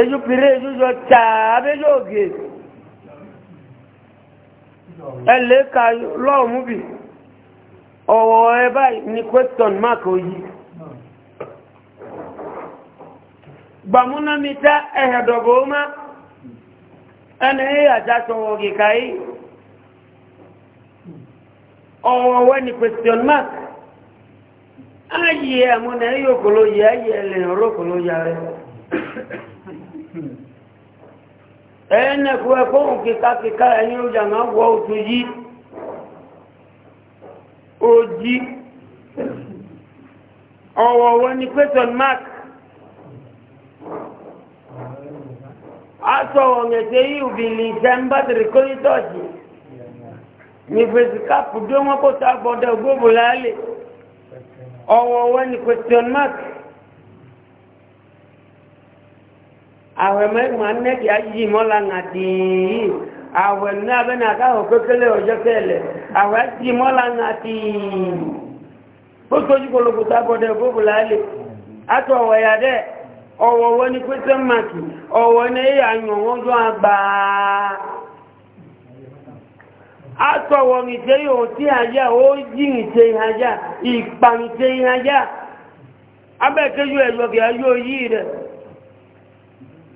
eju pire eju jọ taa abẹ́jọ́ ògè ẹlẹ́ ka lọ́ọ̀ mú bì ọ̀wọ̀ ẹ báyìí ni question mark òyì gbàmúnámítà ẹ̀hẹ̀dọ̀gbọ̀ ó má ẹni àjá sọ̀wọ̀ ògè káyí ọ̀wọ̀ wẹ́ ni question mark ayé ẹ̀mú náà yóò kò yẹ ayé ẹ̀lẹ̀ ọ̀rọ̀ ẹ̀ẹ́nẹ̀ kú ẹkùn kíkàkíkà ẹ̀yìn ojà máa wọ òtò yí ojí ọ̀wọ̀wọ́ ni question mark asọ̀wọ̀ mẹ̀tẹ́ yìí òbìlì ìjẹ́mbàtìrì kólítọ̀jì ni fèsìká pùdó wọn kó sábọ̀dẹ̀ gbóbùlá lè ọ̀wọ̀wọ́ ni question mark àwẹ̀ mẹ́gbọ̀n anẹ́kì yi mọ́la ńà tìí àwẹ̀ ní abẹ́nà mọ́la ńà tìí ó tójú kolokuta bọ́dẹ̀ gbogbola lè àtọ̀ ọ̀wẹ̀ yà dẹ́ ọ̀wọ̀ wọ́n ní pẹ́sẹ́ màkì ọ̀wọ̀ ní èyà yàn wọ́n jọ àgbà àtọ̀wọ̀ nìtẹ́ yóò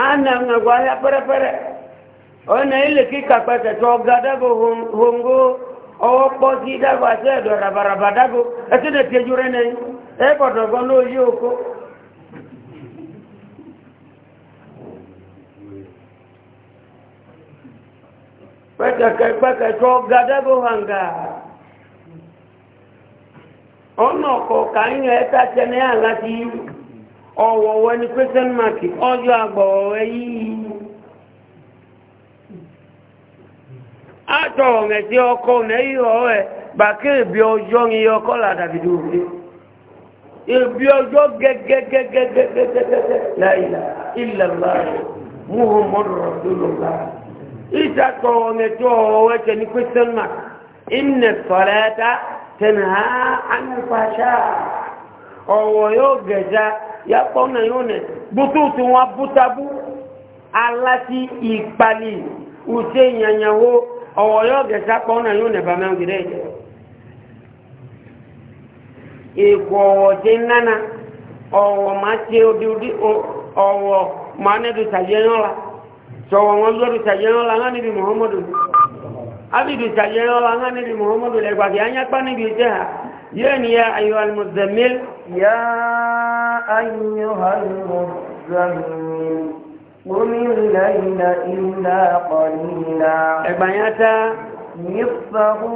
ana ngagwa ya pere pere ona na kika pete to gadago hongo owo po si dago ase do rabaraba dago ese de re ne e bodo go no yi oko pete ke pete to gadago hanga ono ko kan ye ta tene ala ti ọ̀wọ̀wọ́ ni question mark ọjọ́ àgbọ̀wọ̀wẹ́ yìí àtọ̀ ọ̀rẹ̀ tí ọkọ̀ mẹ́rí ọ̀rẹ́ bàkẹ́ ìbí ọjọ́ ni ọkọ̀ làdàbìdò rẹ̀ ìbí ọjọ́ gẹ́gẹ́gẹ́gẹ́gẹ́gẹ́gẹ́gẹ́ ya kpɔ na yi wone bututu wa butabu alati ikpali ute nyanyawo ɔwɔ yɔ gɛsa kpɔ na yi wone bamɛ gɛrɛ yi ìkọ̀wọ̀ tí ń nánà ọ̀wọ̀ máa tí ọ̀wọ̀ máa nẹ́dù tàyẹ́yọ́lá sọ̀wọ̀ wọn lọ́dù tàyẹ́yọ́lá ńlá níbi muhammadu níbi muhammadu níbi ha يعني يا أيها المزمل يا أيها المزمل قم الليل إلا قليلا إبنيتا نصفه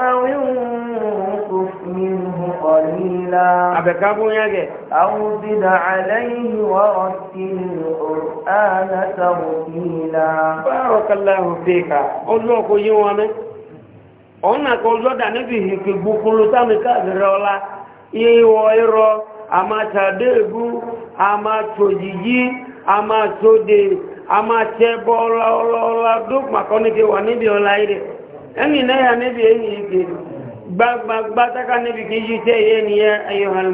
أو انقص منه قليلا أبكابو ياجي أو زد عليه ورتل القرآن ترتيلا بارك الله فيك قل له ọ̀nà kan lọ́dà níbi ìhìnkì gbùkúrú sáàmì káàkiri ọlá ìwọ̀ ìrọ àmàtàdéègú àmàtòjìjí àmàtòdè àmàtẹ́bọ́ ọlọ́ọlá dókùnmàkọ́ ní kí wà níbi ọlá ìrẹ̀ ẹni náà níbi ìhìnkì gbágbágbátaka níbi kí yí tẹ́ yé ni ayọ́hàn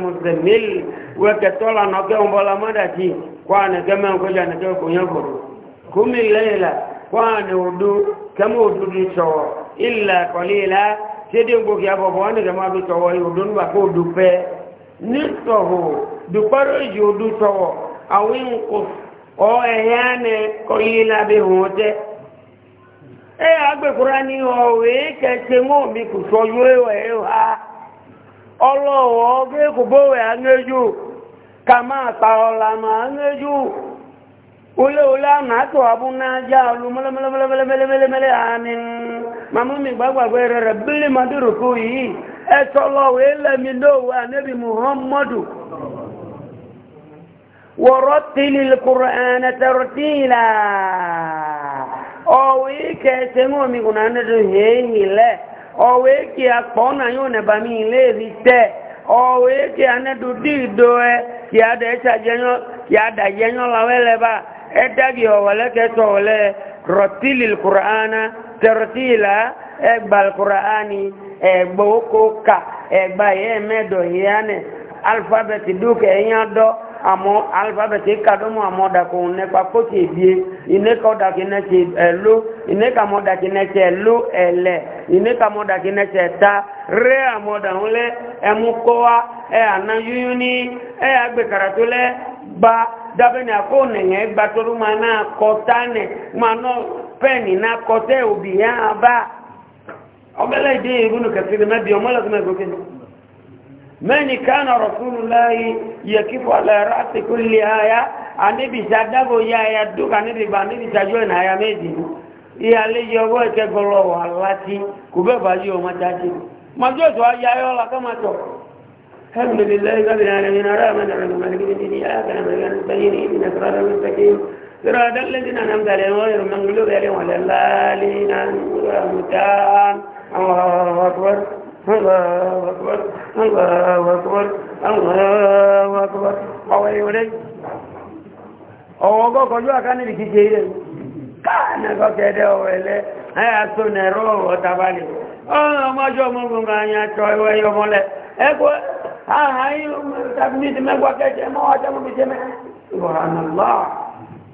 ilẹ̀ kọ̀lé ilá ṣédé gbogbo àbọ̀bọ̀ wọn nìkan máa fi tọwọ́ ìròdó nígbà kó dùpẹ́ nítọ̀wọ̀ dùpọ́rọ̀ ìjì odú tọwọ̀ àwọn ìǹkò ọ ẹ̀yà ni kọ̀lé ilá bí hùn tẹ́ ẹ agbèkúra ní ọ̀wé kẹsẹ mọ́ mi kò sọjú ọlọ́wọ́ ọgbẹ́ kò bówẹ̀ ká máa ta ọ̀la máa anéjú olóòlá nàátọ̀ abúnájá olùmọ́lẹ́mọ́lẹ́mọ́lẹ́mọ́lẹ́mọ́lẹ́mọ́lẹ́ àmì màmú e mi gbàgbàgbà rẹ̀ bílí màdúrù kú yìí ẹ̀tọ́ lọ́wọ́ ẹlẹ́mi lówó ànẹ́bí muhammadu wọ̀rọ̀ tìlì kùrọ̀ ẹ̀nẹ́tẹ̀rọ̀ tìlà ọ̀wọ́ ìkẹ́ ẹ̀sẹ̀ ń omi kùnà ẹ̀nẹ́dù hẹ́hìn lẹ̀ ọ̀wọ́ ìkẹ́ àpọ̀nà yóò nẹ̀bà mí ilé rí tẹ̀ ọ̀wọ́ ìkẹ́ ẹ̀nẹ́dù dìdò ẹ̀ kí adà ẹ̀ṣàjẹyàn làwẹ́lẹ̀ bá ẹ̀dàgì ọ̀wọ́lẹ́kẹ́tọ̀ ọ̀lẹ́ rọ̀tìlì kùrọ̀ ẹ̀nẹ́ tertila egbal qur'ani egbokoka egba yemedo hiane alphabet duke enyado amo alphabet ikadomo amo dako ne pakoti ebie ine ka odaki ne che elu ine ka modaki ne che elu ele ine ka modaki ne che ta re amoda ule emukoa e ana yuyuni e agbe karatule ba dabe ne akone nge gba toru mana kotane mano pẹ́ẹ̀nì náà kọtẹ́ òbí yá bá ọgbẹ́lẹ̀ ìdí ìrúnù kẹfìrì mẹ́bí ọmọlẹ́gbẹ̀gbẹ̀ mẹ́ni kánà rọ̀fúnù láyé yẹ kífọ́ alára ti kú lè aya anibisa dábò yá aya dúkà níbìbà anibisa yóò nà aya méjì ìyàlẹ́ yọ ọwọ́ ẹ̀kẹ́ gbọ́lọ̀ wà láti kò bẹ́ẹ̀ bá yóò má jáde màjú ètò ayá yọ ọlá ká má tọ̀ الحمد لله رب العالمين الرحمن الرحيم مالك يوم الدين صراط الذين أنعمت عليهم غير المغلوب عليهم ولا الضالين متاعا الله أكبر الله أكبر الله أكبر الله أكبر ọwọ́ ìwọ̀dẹ́ ọwọ́ ọgọ́gọ́jú àkánìlì kíkẹ́ ilẹ̀ káàkiri ọwọ́ ẹlẹ́ ayàtò nẹ̀rọ ọ̀rọ̀ tàbálì ọ̀rọ̀ ọmọjọ́ ọmọ gbogbo àyàtọ̀ ẹwẹ́ yọmọlẹ̀ ẹgbẹ́ àhàyí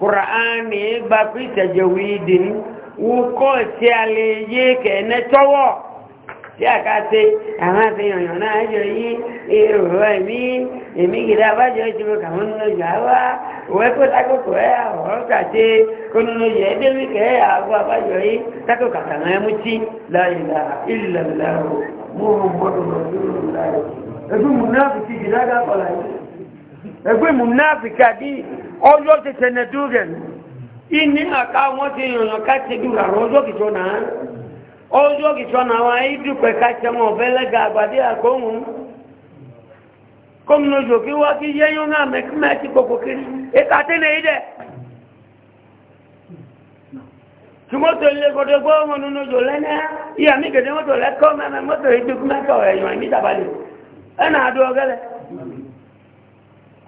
Kùránì gba pé ìtẹ̀jẹ̀wì ìdìní wúkọ́ tí a lè yé kẹ̀ẹ́nẹ́ tọ́wọ́ tí a ká ṣe àwọn àfihàn yàn náà jọ yí èrò ẹ̀mí èmi gidi abájọ ìjọba kàwọn nínú ìjà wá òwe kó takòkò ẹ ọ̀rọ̀ kàṣe kó nínú ìjà ẹ débi kẹ́ àgọ́ abájọ yí takò kàkà náà ẹ mú tí láìlà ìlàlà mú ọmọdé lọ sí ìlú láì ẹdún mú náà fi ti jìdá dá kọlà yìí. ẹgbẹ́ mùnáfíkì àdí ọjọ́ ti tẹ̀nẹ̀ dúrẹ̀ ìní àká wọ́n ti yànyàn ká ti dúrà ọjọ́ kìtọ́ náà ọjọ́ kìtọ́ náà wọ́n ayé ká tẹ wọn ọ̀fẹ́ lẹ́gà àgbàdé kí wá yẹ́yún náà mẹ́kímẹ́ ti kòkò kiri ìka tí nínú lẹ́nẹ́ ìyàmí lẹ́kọ́ mẹ́mẹ́ mọ́tò ìdúkú mẹ́tọ̀ ẹ̀yàn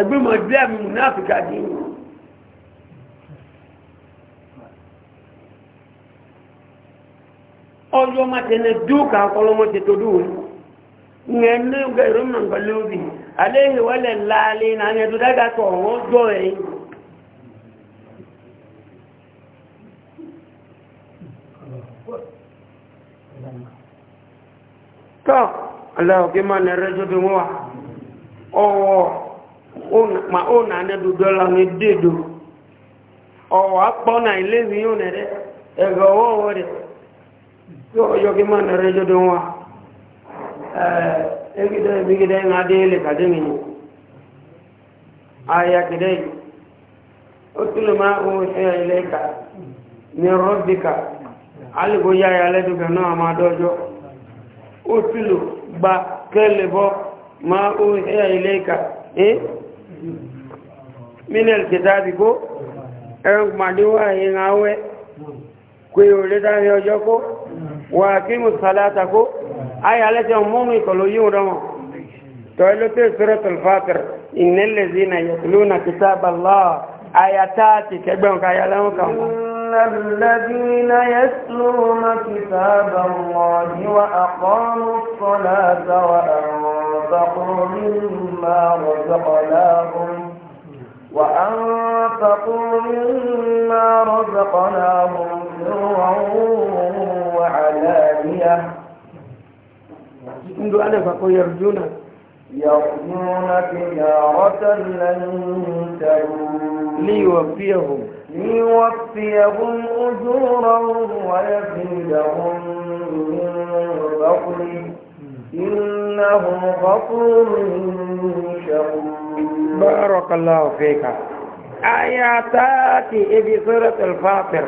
ẹgbẹ́ mọ̀ díẹ̀ mi mú náà fìkà dín ní ọjọ́ máa tẹ̀lé dúkà ọlọ́mọ́ ti tó dùn ngẹ̀ẹ́nẹ́ gẹ̀rọ mọ̀ nǹkan lóbi àléhìn wọlé láàlẹ́ náà ní ẹ̀dùn dága tọ̀ wọ́n jọ ẹ̀ tọ́ aláwọ̀ kí máa nẹ̀rẹ́jọ́ bí wọ́n wà ọwọ́ ma ó na ní dúdú la ní dédò ọ̀wọ̀ apọ̀ na ilé mi yóò nà rẹ ẹ̀gọ̀ ọwọ́ ọwọ́ rẹ tí ọjọ́ kí má nà rẹ jọdọ̀ wọn ẹ̀ẹ́gídẹ́ ìbígídẹ́ ń adé lè kàdé mi ni ayagidẹ́ yìí ó túnlẹ̀ máa ń ṣe ilé ka ní rọ́bìkà alìkó yáya lẹ́dùkà náà máa dọ́jọ́ ó túnlẹ̀ gba kẹ́lẹ̀ bọ́ máa ń ṣe ilé ka ẹ́ eh? minel kìtàbí kó ẹ̀rùn màdíwà yìí àwẹ́ kò yóò lé dárí ọjọ́ kó wà kí mùsàlátà kó ayàlẹ́tẹ̀ mọ́mù ìkọlù yíò rọmọ tọ́ẹlẹ́tẹ̀ sọ́rọ̀tọ̀l fàtàr ìnẹ́lẹ̀zínà yẹ̀kùlú na kìtàbà lọ́ọ̀ ayàtà ti kẹgbẹ̀rún kayàlẹ́wọ̀n kan الذين يتلون كتاب الله وأقاموا الصلاة وأنفقوا مما رزقناهم وأنفقوا مما رزقناهم وعلانية منذ ألف يرجون يرجون تجارة لن تروا ليوفيهم ليوفيهم أجورهم ويزيدهم من فضله إنه غفور شكور بارك الله فيك آياتات في سورة الفاطر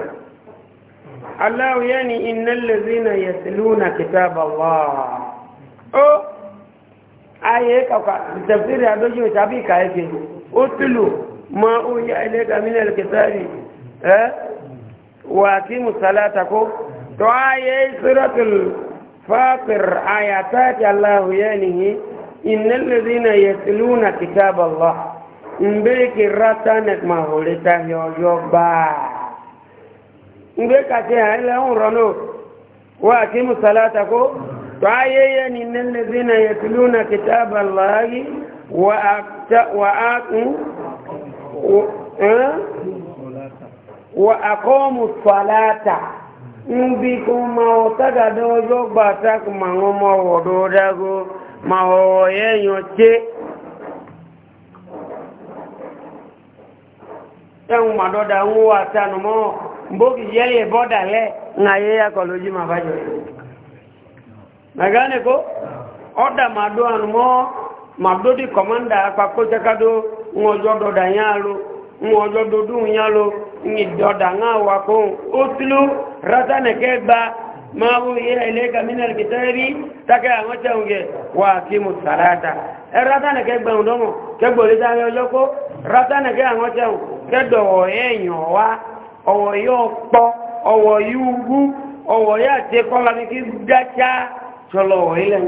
الله يعني إن الذين يتلون كتاب الله أو آية تفسير هذا جو تابي كايكي أتلو ما أوحي إليك من الكتاب أه؟ وأقيموا صلاتكم دعاء سورة الفاطر آياتات الله يانه إن الذين يتلون كتاب الله إن بيك الرسانك ما هو لتهيو يوبا إن بيك أتيها إلا أمرنا وأقيموا صلاتكم دعاء يعني إن الذين يتلون كتاب الله وأقيموا wà àkọ́ọ̀mù fàlátà ń bí kó máa ọ tágàdá ọjọ́ gbà tákù máa wọn mọ ọ̀dọ́ dágó máa ọ̀wọ̀ yẹ́yàn ché ẹ̀hùn màdọ́dà ń wà tánumọ́ mbókì yẹ́yẹ̀ bọ́dà lẹ́ ń ayé akọ̀lójí máa bájọ́ mẹ̀gánìkó ọ̀dà màdó ŋun ɔjɔ dɔda yẹn alo ŋun ɔjɔ dodo yẹn alo ŋun dɔda ŋa wa ko o tulo rasa nɛgɛ gba mawu yi ɛlɛ kamina kitɛri takɛ aŋɔ tɛw kɛ waa ki mu sarata ɛ rasa nɛgɛ gba ŋun dɔmɔ kɛ gbɔli ta yɛ ɔjɔ ko rasa nɛgɛ aŋɔ tɛw kɛ dɔwɔ yɛ nyɔɔ wa ɔwɔ yɛ ɔkpɔ ɔwɔ yɛ ugu ɔwɔ yɛ atɛ kɔla bi ki dza tsa tsɔlɔ ɔyɛ lɛ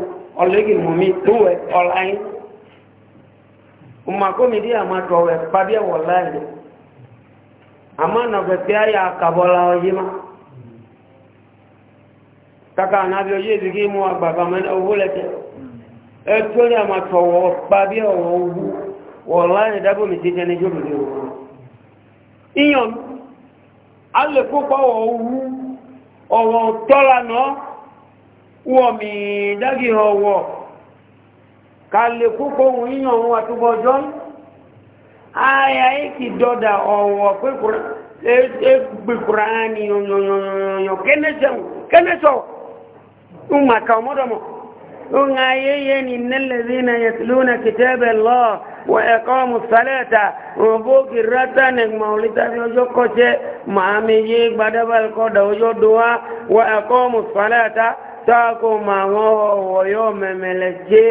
ɔlɛgi mɔmi tó wɛ ɔlɛ anyi. umakomi di ama tɔwɛ kpadeɛ wɔla yi ama nɔfɛte ayi akabɔla yi ma kaka anabi oye ezigi mu agbaba mɛ owu lɛ tɛ eto ni ama tɔwɔ kpadeɛ wɔwu wɔla yi dabo mi ti tɛni dzolu de wɔwɔ iyɔn alɛ kókɔ wɔwu ɔwɔ tɔla nɔ wɔmi dagi ɔwɔ kàlè kúkó ohun yíyan ohun àtúbọ̀jọ́ ayà ìkì dọ́dà ọ̀wọ̀ pẹ́kùrá ẹgbẹ̀kùrá ní yọ̀nyọ̀nyọ̀nyọ̀ kẹ́nẹ́sọ̀ umaka ọmọdọ̀mọ̀ ohun ayẹyẹ ni nẹ́lẹ̀rí na yẹtìlúnà kìtẹ́bẹ̀ lọ wọ ẹ̀kọ́ mùsàlẹ́ta òbókì rátà nẹ̀gbọ̀n olítàbí ọjọ́ kọ́ṣẹ́ màámi yé gbadẹ́bàlùkọ́dà ọjọ́ dùwà wọ ẹ̀kọ́ mùsàlẹ́ta táàkó màwọn ọ̀wọ̀ yóò mẹ̀mẹ̀lẹ̀ jẹ́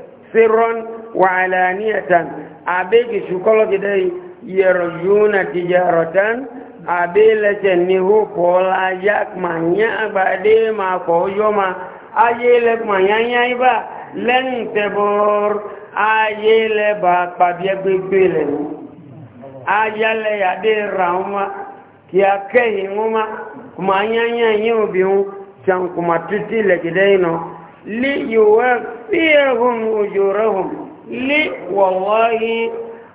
sirran wa alaniyatan abeki sukolo gidai yarjuna tijaratan abele chenni hu pola yak manya bade ma ko yoma ayele manya yaiba len tebor ayele ba pabie gbegbele ayale ya de rauma ki akehi nguma kuma nyanya nyobiu chankuma titile gidaino ليوفيهم أجورهم لي والله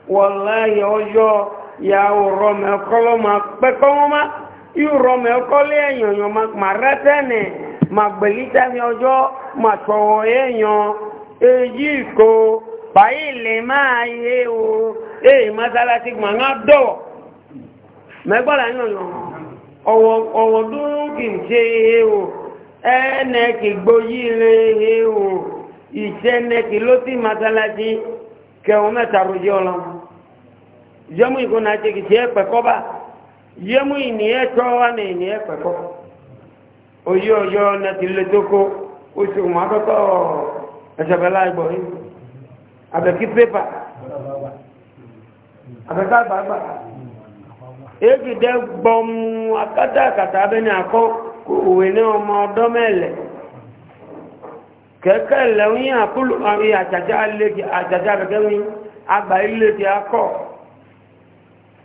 والله أجو يا رمى كلما بكما يرمى كل يوم مرتين مقبلتا في أجو ما توين ejiko pàílè máa yé o èyí mọ́sálásí gbọ̀ngán dọ̀wọ̀ mẹ́gbọ́lá yàn yàn ọ̀wọ̀ dúró kìí ṣe é o ẹnẹ́kì gboyí lè híhù ìṣẹ́nẹ́kì ló ti masalasi kẹwọn mẹ́ta rojí ọlọ́mọ yẹmú ìkó náà ṣe kìí ṣe ẹ̀pẹ̀ kọ́bà yẹmú ìnìyẹ́ tọ́ wá ní ìnìyẹ́ pẹ̀ kọ́ oyé ọjọ́ ọ̀nà ti lè tó kó oṣù mọ́ akọ́kọ́ ẹ̀ṣẹ̀fẹ́lá ìgbọ̀ yìí àbẹ̀kí pépà àbẹ̀ká bàbà èkìdẹ́ gbọmù akátàkàtà abẹ́ni àkọ́ òwe ní ọmọ ọdọ́ mẹ́lẹ̀ kẹ́kẹ́ lẹ́wọ́n àkúlù àjàjá rẹ̀gẹ́wìn àgbà ilé ti akọ́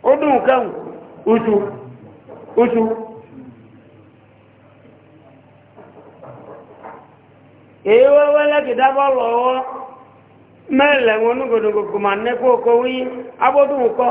ó dùn kẹ́hùn oṣù oṣù èyí wẹ́wẹ́ lẹ́kìdá mẹ́lẹ̀ wọn nígbòdògbò kò mà nẹ́kọ́ okòwò yín abọ́dún kọ́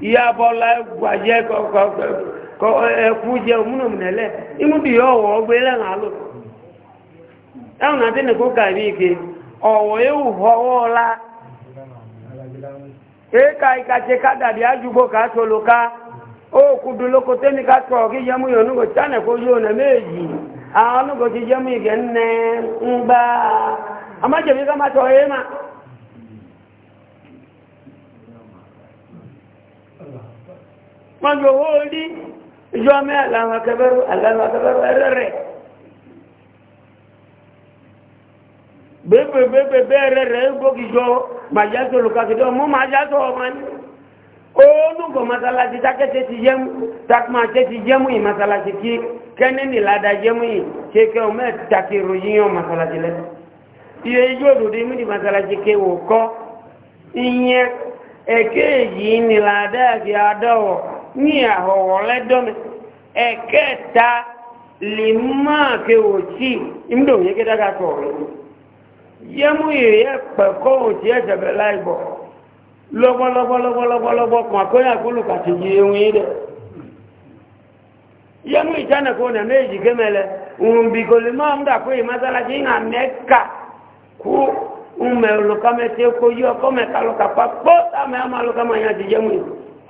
ya bɔla gbadzɛ kɔ ɛkudzɛ omunomune lɛ imubi yɛ ɔwɔ ɔgbɛ lɛ ŋa na ɛwɔ na ne ko ka ewu ke ịka yɛ wòhɔwɔ la ka tolo ka lokote mi ka tɔ ki yɛmu yɛ onugo tsa ne ko yɔ na me yi àwọn onugo ti yɛmu yi kɛ nnɛ ŋgba ma. wọ́n jọ owó orí ìjọ mẹ́ aláwọ̀ akẹ́bẹ̀rù aláwọ̀ akẹ́bẹ̀rù ẹ̀rẹ̀rẹ̀ bẹ́ẹ̀bẹ̀ẹ́bẹ̀ ẹ̀rẹ̀rẹ̀ gbókìjọ màjásọ olùkàkìdọ́ mú màjásọ ọmọ ní olùkọ̀ masalasi takẹ́tẹ́ ti jẹ́mú takumàṣẹ́ ti jẹ́mú yìí masalasi kí kẹ́ni nìlada jẹ́mú yìí kéèké ọmọ ẹ̀ takiru yíyan masalasi le. iye ijó òdòdó mú ni masalasi ké wò kọ́ ìyẹn ẹ̀kẹ́ yìí nìlada àti adọ́wọ̀ ní àhọ̀wọ̀ lẹ́dọ́mi ẹ̀kẹ́ta lè máa ké òtí ìmúdò yẹ kí dága tọ̀ rẹ̀ yẹmú ìrẹ́ pẹ̀kọ́ òtí ẹ̀sẹ̀bẹ̀ láìbọ̀ lọ́gbọ́lọ́gbọ́lọ́gbọ́lọ́gbọ́ kan àkóyà kúlù kàtì yìí ehun yìí dẹ̀ yẹmú ìtànàkó nà méjì kémẹlẹ òun ma kò lè máa ń dà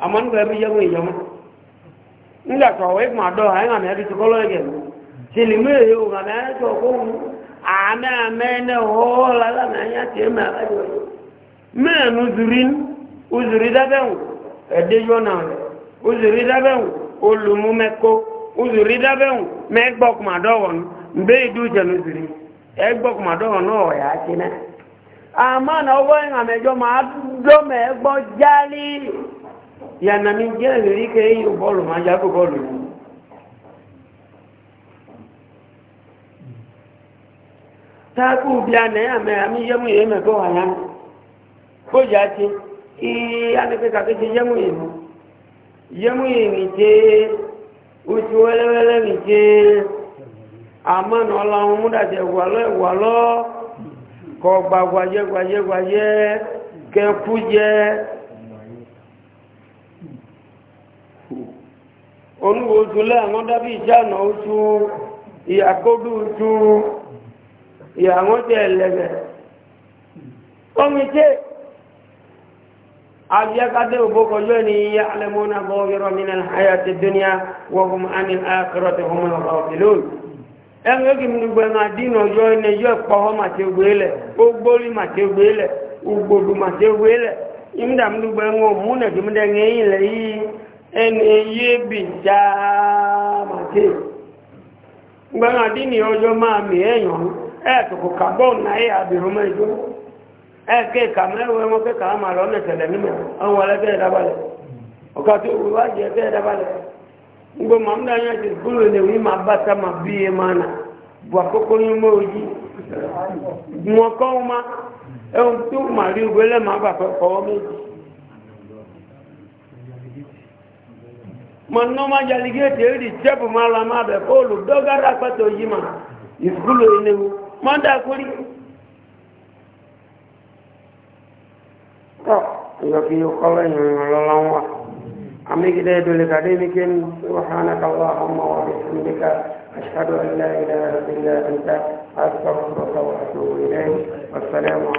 amanu ka bi yamu yamu nga to we ma do ha nga ne bi to kolo ye sili me yo nga ne to ko ne ho la la na ya ma ba me nu uzuri da ede yo na uzuri olumu uzuri da me ma do won mbe du je nu zuri e ma do won o ya ti na ama na owo nga ma do me yàna mi jẹ́ ìrírí kẹ́ èyí bọ́ọ̀lù máa yàgò bọọlụ mú táàkù bí a ya àmẹ́ àmì yẹ́mú yẹ́ mẹ́kọ́ wà yánà kó yá ti ìyí anẹ́kẹ́kà kéje yẹ́mú yẹ́ mú yẹ́mú yẹ́ mi jẹ́ ama wẹ́lẹ́wẹ́lẹ́ mi jẹ́ àmọ́nà ọlọ́run múdàjẹ́ wàlọ́ ìwàlọ́ kọ gbàgbàjẹ́ onuwo ojúlẹ̀ àwọn dábí ìjáànà ojú ìyàkódú ojú ìyàwó jẹ́ ẹlẹ́gẹ̀ omi jẹ́ àbíyákádé òbókọjọ́ ni yíya alẹ́mọ́nà bọ́ọ̀rọ̀ mìíràn àyà ti dúnìá wọ́hùn àmì àkọrọ̀ ti hùmọ̀ ọ̀fìlú ẹ̀rùn yóò kí mú lẹ́yìn ẹni yé bì jáàmàtí gbẹ́ràn dí ní ọjọ́ máa mì ẹ̀yàn ẹ̀ẹ̀kùkù carbon náà yà bìrù mẹ́jọ́ ẹ̀ẹ̀kẹ́ kàmẹ́rún ẹwọ́n kẹ́kà á máa lọ́nà ìṣẹ̀lẹ̀ nímẹ̀ ọwọ́ ẹlẹ́gbẹ́ ìdábalẹ̀ ọ̀ká tó wù wá jẹ́ ẹgbẹ́ ìdábalẹ̀ manoma jaligeti eri jebu mala mabe polu dogara pato yima ifulu inewu manda kuri to yoki yokola yolalawa amigi de dole kademikin subhanaka allahumma wa bihamdika ashhadu an la ilaha illa anta astaghfiruka wa atubu ilayk wassalamu